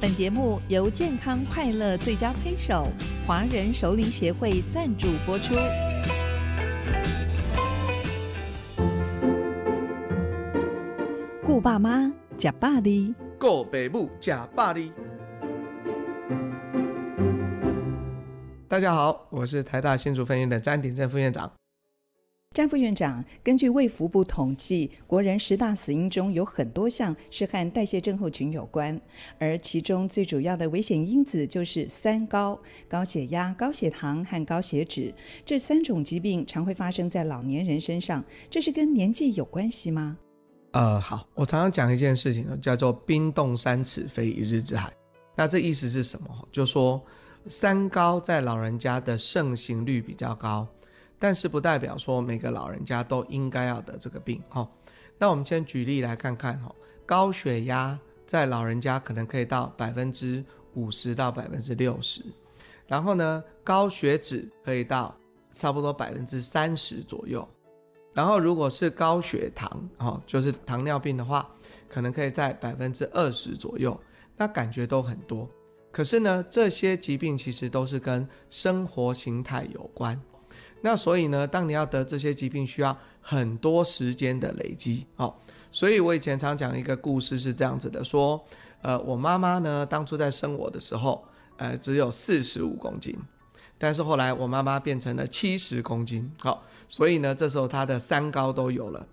本節目由健康快樂最佳推手、華人熟齡協會贊助播出。顧爸媽，吃百的，顧北部吃百的。大家好，我是台大新竹分院的詹鼎正副院長。詹副院長，根據衛福部統計，國人十大死因中有很多項是和代謝症候群有關，而其中最主要的危險因子就是三高：高血壓、高血糖和高血脂。這三種疾病常會發生在老年人身上，這是跟年紀有關係嗎？呃，好，我常常講一件事情，叫做“冰凍三尺，非一日之寒”。那這意思是什麼？就是說三高在老人家的盛行率比較高。但是不代表說每個老人家都應該要得這個病哈、哦。那我們先舉例來看看哈，高血壓在老人家可能可以到百分之五十到百分之六十，然後呢，高血脂可以到差不多百分之三十左右，然後如果是高血糖哈、哦，就是糖尿病的話，可能可以在百分之二十左右，那感覺都很多。可是呢，這些疾病其實都是跟生活形態有關。那所以呢，當你要得這些疾病，需要很多時間的累積哦，所以我以前常講一個故事是這樣子的：說，呃，我媽媽呢，當初在生我的時候，呃，只有四十五公斤，但是後來我媽媽變成了七十公斤，好、哦，所以呢，這時候她的三高都有了。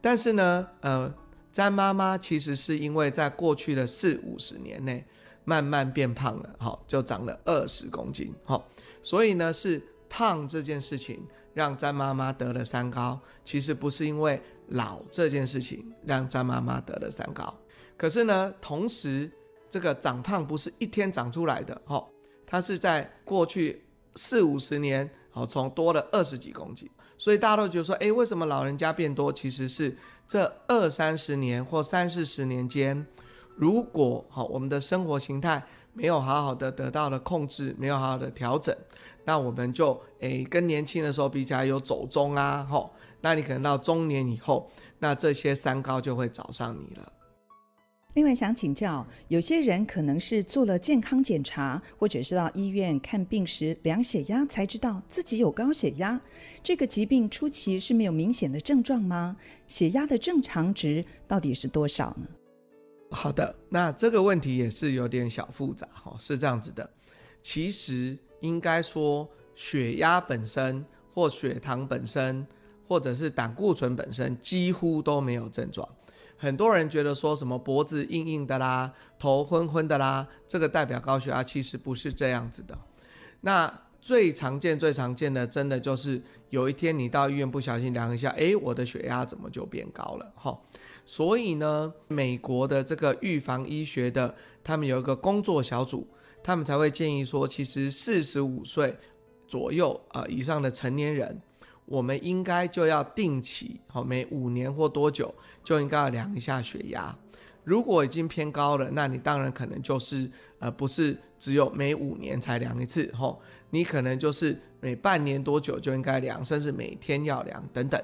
但是呢，呃，詹媽媽其實是因為在過去的四五十年內慢慢變胖了，好、哦，就長了二十公斤，好、哦，所以呢是。胖這件事情讓詹媽媽得了三高，其實不是因為老這件事情讓詹媽媽得了三高。可是呢，同時這個長胖不是一天長出來的哈、哦，它是在過去四五十年好、哦、從多了二十幾公斤，所以大家都覺得說，哎，為什麼老人家變多？其實是這二三十年或三四十年間，如果好、哦、我們的生活形態。沒有好好的得到了控制，沒有好好的調整，那我們就誒、欸、跟年輕的時候比起來有走鐘啊，吼、哦，那你可能到中年以後，那這些三高就會找上你了。另外想請教，有些人可能是做了健康檢查，或者是到醫院看病時量血壓才知道自己有高血壓，這個疾病初期是沒有明顯的症狀嗎？血壓的正常值到底是多少呢？好的，那這個問題也是有點小複雜哈，是這樣子的，其實應該說血壓本身或血糖本身或者是膽固醇本身幾乎都沒有症狀，很多人覺得說什麼脖子硬硬的啦，頭昏昏的啦，這個代表高血壓，其實不是這樣子的，那最常見最常見的真的就是有一天你到醫院不小心量一下，誒，我的血壓怎麼就變高了哈？所以呢，美國的這個預防醫學的，他們有一個工作小組，他們才會建議說，其實四十五歲左右啊、呃、以上的成年人，我們應該就要定期，哦、每五年或多久就應該要量一下血壓。如果已經偏高了，那你當然可能就是呃不是只有每五年才量一次，吼、哦，你可能就是每半年多久就應該量，甚至每天要量等等。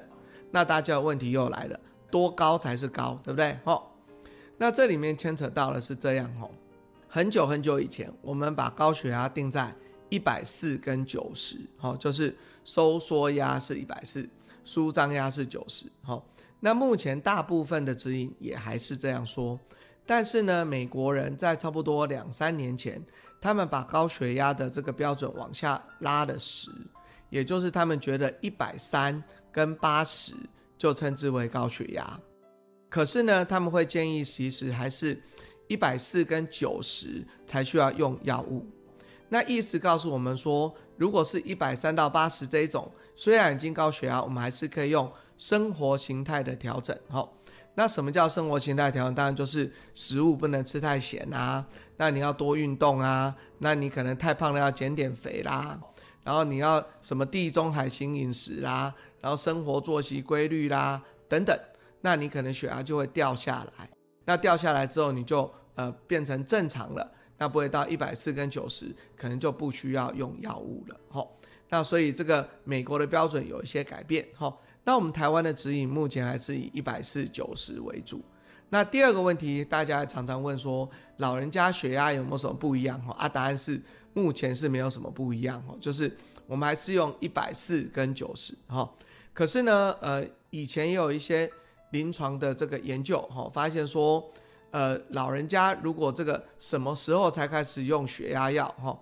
那大家的問題又來了。多高才是高，對不對？哦，那這裡面牽扯到的是這樣哦，很久很久以前，我們把高血壓定在一百四跟九十，哈，就是收縮壓是一百四，舒張壓是九十，哈。那目前大部分的指引也還是這樣說，但是呢，美國人在差不多兩三年前，他們把高血壓的這個標準往下拉了十，也就是他們覺得一百三跟八十。就稱之為高血壓，可是呢，他們會建議其實還是一百四跟九十才需要用藥物。那意思告訴我們說，如果是一百三到八十這一種，雖然已經高血壓，我們還是可以用生活形態的調整。哈、哦，那什麼叫生活形態調整？當然就是食物不能吃太鹹啊，那你要多運動啊，那你可能太胖了要減點肥啦，然後你要什麼地中海型飲食啦、啊。然後生活作息規律啦，等等，那你可能血壓就會掉下來。那掉下來之後，你就呃變成正常了，那不會到一百四跟九十，可能就不需要用藥物了哈、哦。那所以這個美國的標準有一些改變哈、哦。那我們台灣的指引目前還是以一百四、九十為主。那第二個問題，大家常常問說老人家血壓有沒有什麼不一樣哈、哦？啊，答案是目前是沒有什麼不一樣哈、哦，就是我們還是用一百四跟九十哈。可是呢，呃，以前也有一些臨床的這個研究，哈、哦，發現說，呃，老人家如果這個什麼時候才開始用血壓藥，哈、哦，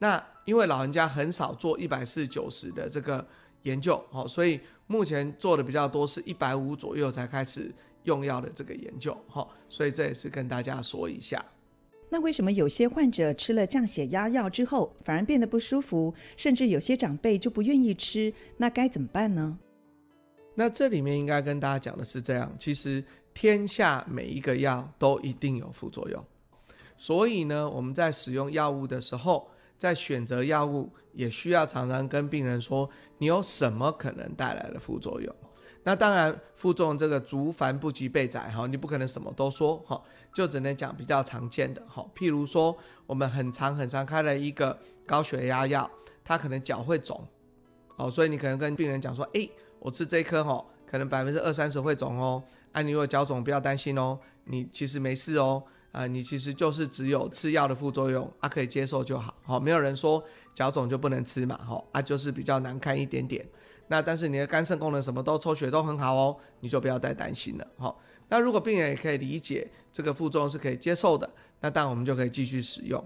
那因為老人家很少做一百四九十的這個研究，哈、哦，所以目前做的比較多是一百五左右才開始用藥的這個研究，哈、哦，所以這也是跟大家說一下。那為什麼有些患者吃了降血壓藥之後，反而變得不舒服，甚至有些長輩就不願意吃，那該怎麼辦呢？那這裡面應該跟大家講的是這樣，其實天下每一個藥都一定有副作用，所以呢，我們在使用藥物的時候，在選擇藥物也需要常常跟病人說，你有什麼可能帶來的副作用？那當然，副作用這個族繁不及備載哈，你不可能什麼都說哈，就只能講比較常見的哈，譬如說我們很常、很常開了一個高血壓藥，它可能腳會腫哦，所以你可能跟病人講說，哎。我吃這顆哈、哦，可能百分之二三十會腫哦。哎、啊，你如果腳腫，不要擔心哦，你其實沒事哦。啊，你其實就是只有吃藥的副作用，啊可以接受就好。哈、哦，沒有人說腳腫就不能吃嘛。哈、哦，啊就是比較難看一點點。那但是你的肝腎功能什麼都抽血都很好哦，你就不要再擔心了。哈、哦，那如果病人也可以理解這個副作用是可以接受的，那當然我們就可以繼續使用。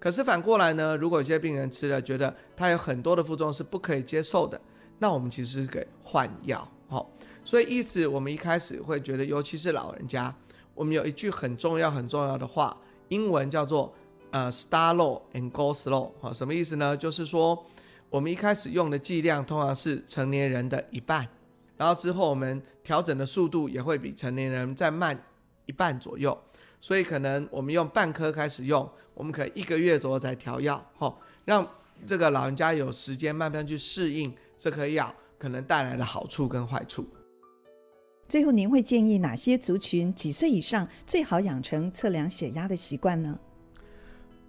可是反過來呢，如果有些病人吃了覺得它有很多的副作用是不可以接受的。那我們其實是給換藥，哦、所以一直我們一開始會覺得，尤其是老人家，我們有一句很重要很重要的話，英文叫做呃 start low and go slow，哦，什麼意思呢？就是說我們一開始用的劑量通常是成年人的一半，然後之後我們調整的速度也會比成年人再慢一半左右，所以可能我們用半顆開始用，我們可以一個月左右再調藥，哈，哦，讓。這個老人家有時間慢慢去適應這顆、個、藥可能帶來的好處跟壞處。最後，您會建議哪些族群幾歲以上最好養成測量血壓的習慣呢？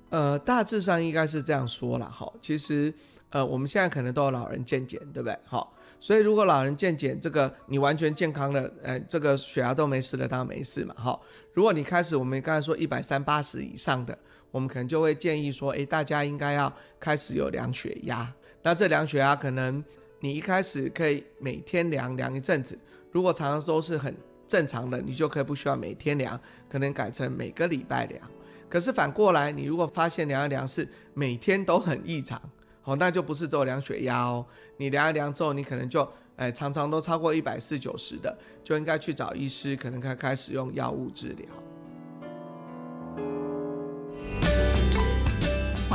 呃，大致上應該是這樣說了哈。其實，呃，我們現在可能都有老人健檢，對不對？哈、哦，所以如果老人健檢，這個你完全健康的，呃，這個血壓都沒事的，當然沒事嘛，哈、哦。如果你開始，我們剛才說一百三八十以上的。我們可能就會建議說，哎，大家應該要開始有量血壓。那這量血壓可能你一開始可以每天量量一陣子，如果常常都是很正常的，你就可以不需要每天量，可能改成每個禮拜量。可是反過來，你如果發現量一量是每天都很異常，哦，那就不是做量血壓哦。你量一量之後，你可能就，誒，常常都超過一百四九十的，就應該去找醫師，可能開開始用藥物治療。